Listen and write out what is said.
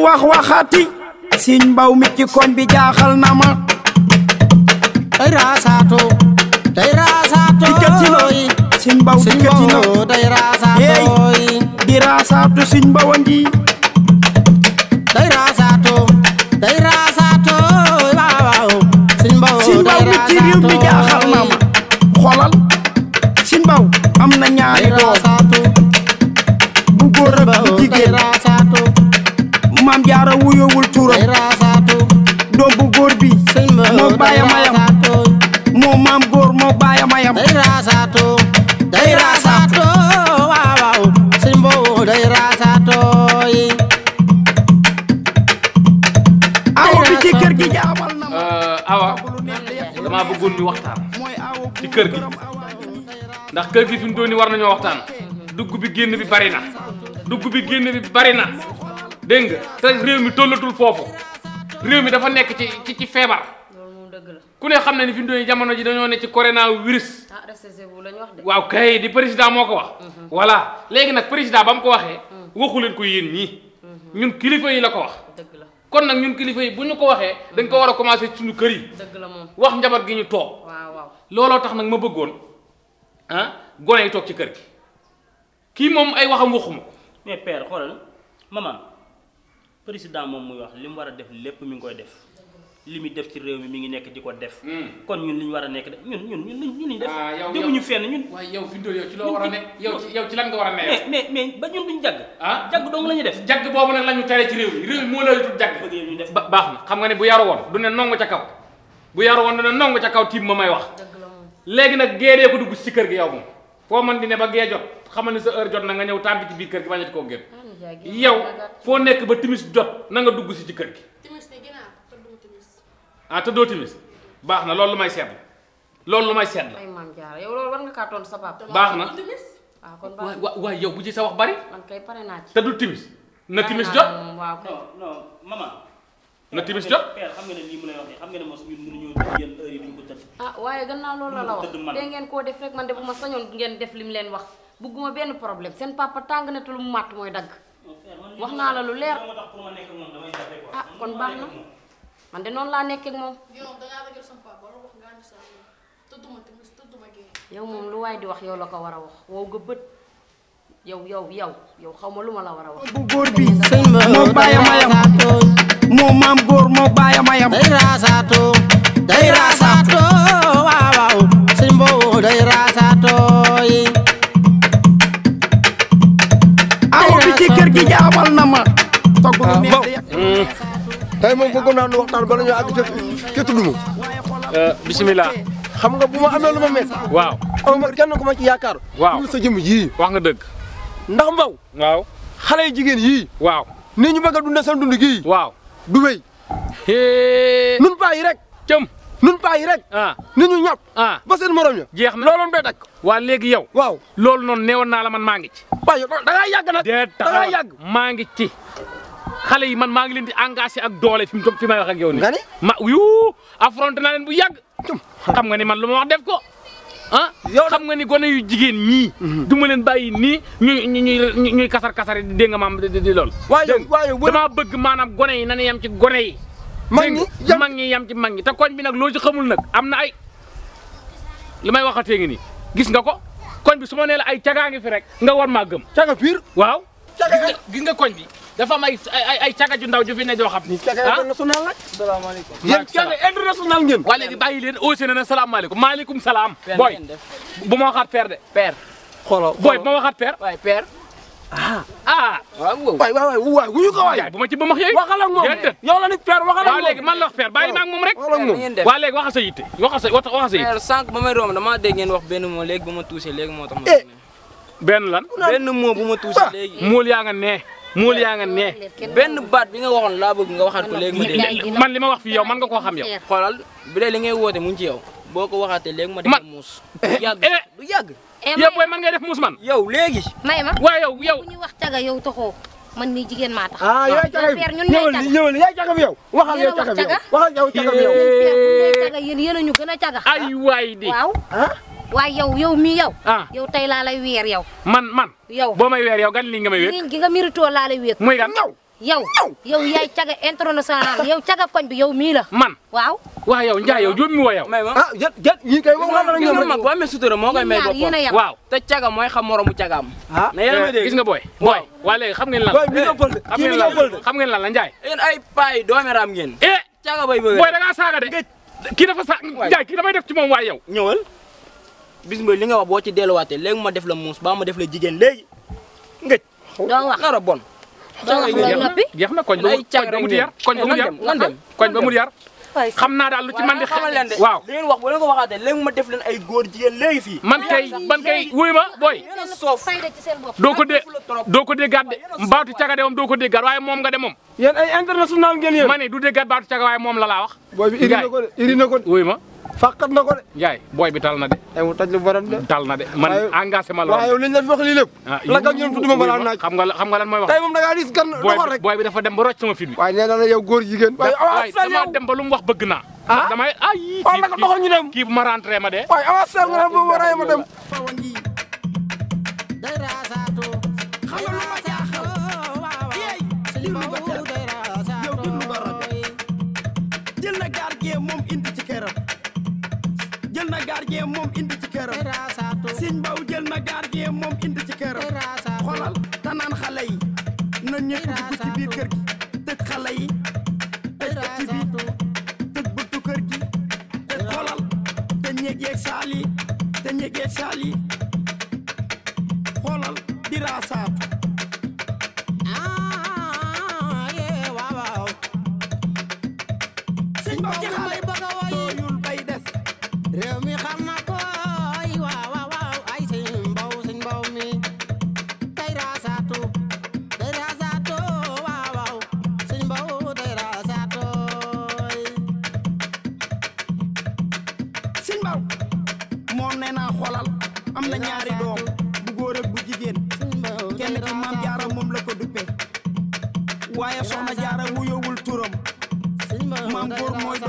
wax waxati siñ mbaw mi ci koñ bi jaaxal na ma day raasaato day raasaato dikkati na na day a ngi day raasaato day raasaato mi ci réew mi jaaxal ñam day raasaato day raasaato waaw waaw sëñ day raasaato yi awa bi euh, bëggoon ñu waxtaan ci kër gi ndax kër gi fi mu doon ni war nañoo waxtaan dugg bi génn bi bari na dugg bi génn bi bari na dégg te réew mi tollatul foofu réew mi dafa nekk ci ci ci feebar dëgg la ku ne xam ne ni fi jamono ji dañoo ne ci corona virus. ah recessé bu lañ waaw kay di président moo ko wax. Mhm. voilà léegi nag président ba mu ko waxee. Mhm. waxu leen ko yéen ñii. Mhm. ñun kilifa yi la ko wax. dëgg la kon nag ñun kilifa yi bu ñu ko waxee. dañ ko war a commencé suñu kër yi. dëgg la moom wax njaboot gi ñu toog. looloo tax nag ma bëggoon ah gone yi toog ci kër gi kii moom ay waxam waxuma ko. mais père xoolal président moom muy wax li mu war a def lépp mi ngi koy def. li muy def ci réew mi mi ngi nekk di ko def. Hmm. kon ñun li ñu war a nekk de ñun ñun ñun ñu ñu def. ah yow demuñu fenn ñun. waaye yow Vindoo yow ci loo war a nekk yow ci yow ci lan nga war a nekk. mais mais ba ñun duñ jagg. ah jagg dong la ñuy def. jagg boobu nag la ñu tere ci réew mi réew mi moo la ñu jagg. bëgg ñu def baax na xam nga ne bu yaru woon du ne nongu ca kaw bu yaru woon du ne nongu ca kaw tiim ma may wax. léegi nag géedee ko dugg si kër gi yow moom foo mën di ne ba gee jot xamal ne sa heure jot na nga ñëw tàmbi ci biir kër gi bañati koo génn yow foo nekk ba timis jot na nga dugg si ci kër gi ah tëddoo timis baax na loolu lu may seetlu loolu lu may seetlu. ay maam Diarra yow loolu war nga kaa tontu sa papa. baax na waaw ah, kon baax na waaw ci sa bari. man kay naa ci. tëddul timis na timis jot waaw kay non non na timis jot père xam nga ne ah, waaye gannaaw loolu la la wax ngeen koo def rek man de ma sañoon ngeen def lim leen wax bugguma benn problème seen papa tàng na te lu mu màtt mooy dagg. wax naa la lu leer ah, kon baax na. man de noonu laa nekkee ak moom. yow yow moom lu waay di wax yow la ko war a wax wow nga bët yow yow yow yow xaw ma lu ma la war a wax. bu góor bi moo bàyyam a yam moo maam góor moo bàyyam a day raasaatoo day raasaatoo waaw waaw sëñ day raasaatoo yi. bi ci gi jaamal na ma. tey moom bëggoon naa nu waxtaan ba la ñu àgg euh, bisimilah. xam nga bu ma amee lu ma métti. waaw am kenn ku ma ci yaakaar. waaw sa jëmm yii. wax nga dëgg. ndax mbaw waaw xale yu jigéen yii. waaw nii ñu bëgg a dundee seen dund gii. waaw du wéy. nun paa yi rek. cëm nun paa yi rek. ah ni ñu ñàpp. Ah. ba seen morom ya. jeex na looloon day dakk. waa léegi yow. waaw loolu noonu neewoon naa la man maa ngi ci. waaye da ngaa yàgg nag. da ngaa yàgg maa ngi ci. xale yi man maa ngi leen di engagé ak doole fi fi may wax ak yow ni ma yuu affronté naa leen bu yàgg. xam nga ni man lu ma wax def ko. ah xam nga ni gone yu jigéen ñii. Mhm. du ma leen bàyyi nii ñuy ñuy ñuy kasar kasar yi dégg nga maam di di lool. waaye waaye damaa bëgg maanaam gone yi nan yam ci gone yi. mag ñi mag ñi yam ci mag ñi te koñ bi nag loo ci xamul nag am na ay li may waxatee ngi nii gis nga ko koñ bi su ma nee ay cagaa ngi fi rek nga war maa gëm. caga pire waaw. caga gis nga koñ bi. dafa am ay ay ay caga ju ndaw ju fi ne joo xam. ah international la. salaamaaleykum yéen caga international ngeen. waa léegi bàyyi leen aussi nee na salaamaaleykum maaleykum salaam. booy bu ma waxaat père de. père xooloo booy bu ma waxaat père. waay père. ah ah. waaw waay waay waay wuyu ko waay. bu ma ci ba max yooyu. waxal ak moom yow la nit père waxal ak moom. waaw léegi man la wax père bàyyi ma ak moom rek. waxal ak moom waaw léegi waxal sa yitte waxal sa waxal sa yitte. père sànq ba may romb damaa dégg ngeen wax benn moo léegi ba ma tuuse léegi moo tax ma. Eh. benn lan benn moo bu ma tuuse ah. léegi mool yaa nga nee muul yaa nga ne benn baat bi nga waxoon laa bëgg nga waxaat ko léegi ma dégg man li ma wax fii yow man nga koo xam yow xoolal bi dee li ngay woote mu ngi yow boo ko waxaatee léegi ma def muus yàgg du yàgg eh. eh, yow booy man ngay def man yow léegi may ma waaw yow yow bu ñu wax caga yow taxoo man mii jigéen maa tax ah yaay caga bi ñëwal ñëwal yaay caga bi yow waxal yow caga bi yow waxal yow caga bi yow yéen yéen a ñu gën a caga ay waay di waaw ah? waaye yow yow mii yow. ah yow tey laa lay weer yow. man man yow boo may weer yow gan lii nga may wéet. lii gi nga méritoo laa lay wéet. muy gan yow yow yaay caga international yow caga koñ bi yow mii la. man waaw. waaw yaw Ndiaye yow jooju mi woo yow. ah jë jë ñii kay wax la ñoom rek. boo amee sutura moo koy may boppam waaw. te caga mooy xam moromu cagaam. ah na yéen a eh, gis nga booy. booy waa léegi xam ngeen lan la. booy mi ngi ëppal eh, xam ngeen lan la Ndiaye. ay paa yi doomi raam ngeen. eh caga bay bëgg. booy da saaga de. kii dafa sa Ndiaye kii damay def ci moom waay yow. ñëwal. bis li nga wax boo ci delluwaatee léegi ma def la muus baa ma def la jigéen léegi ngëj. doo wax nar a bon. doo wax loolu noppi jeex na koñ ba mu di yar koñ ba mu di yar lan dem koñ ba mu di yar. xam naa daal lu ci man di xamal leen de waaw li ngeen wax bu ko waxaatee léegi ma def leen ay góor léegi fii man kay man kay wuy ma booy soof doo ko dee doo ko de déggaat de baatu caga de moom doo ko déggaat waaye moom nga de moom yéen ay international ngeen yéen ma ne du déggaat baatu caga waaye moom la laa wax booy bi iri na ko de iri ma fàqat na ko de. Ndiaye booy bi tal na de. tey mu toj lu borom de. tal na de man engagé ma loolu. waaw yow li ñu la fi wax lii lépp. ah yow yow xam nga xam nga lan mooy wax. tey moom da ngaa gis gan doxal rek. booy bi dafa dem ba rocc sama film bi. waaye na la yow góor jigéen. waaye waaye damaa dem ba lu mu wax bëgg naa. ah damay ay. kii kii kii bu ma rentré ma de. waaye avance nga dem ba ma rey ma jël na gardien moom indi ci këram siñ mbaw jël na gardien moom indi ci këram xolal tanaan xale yi na ñëpp dugg ci biir kër gi tëj xale yi tëj ci bi tëj bëttu kër gi tëj xolal te ñeeg saal yi te ñeeg saal yi xolal di raasaatu sëñ Mbaw moom nee naa xoolal am na ñaari doom bu góor ak bu jigéen kenn ki maam jaara moom la ko duppee waaye soxna jaara wuyowul turam maam góor mooy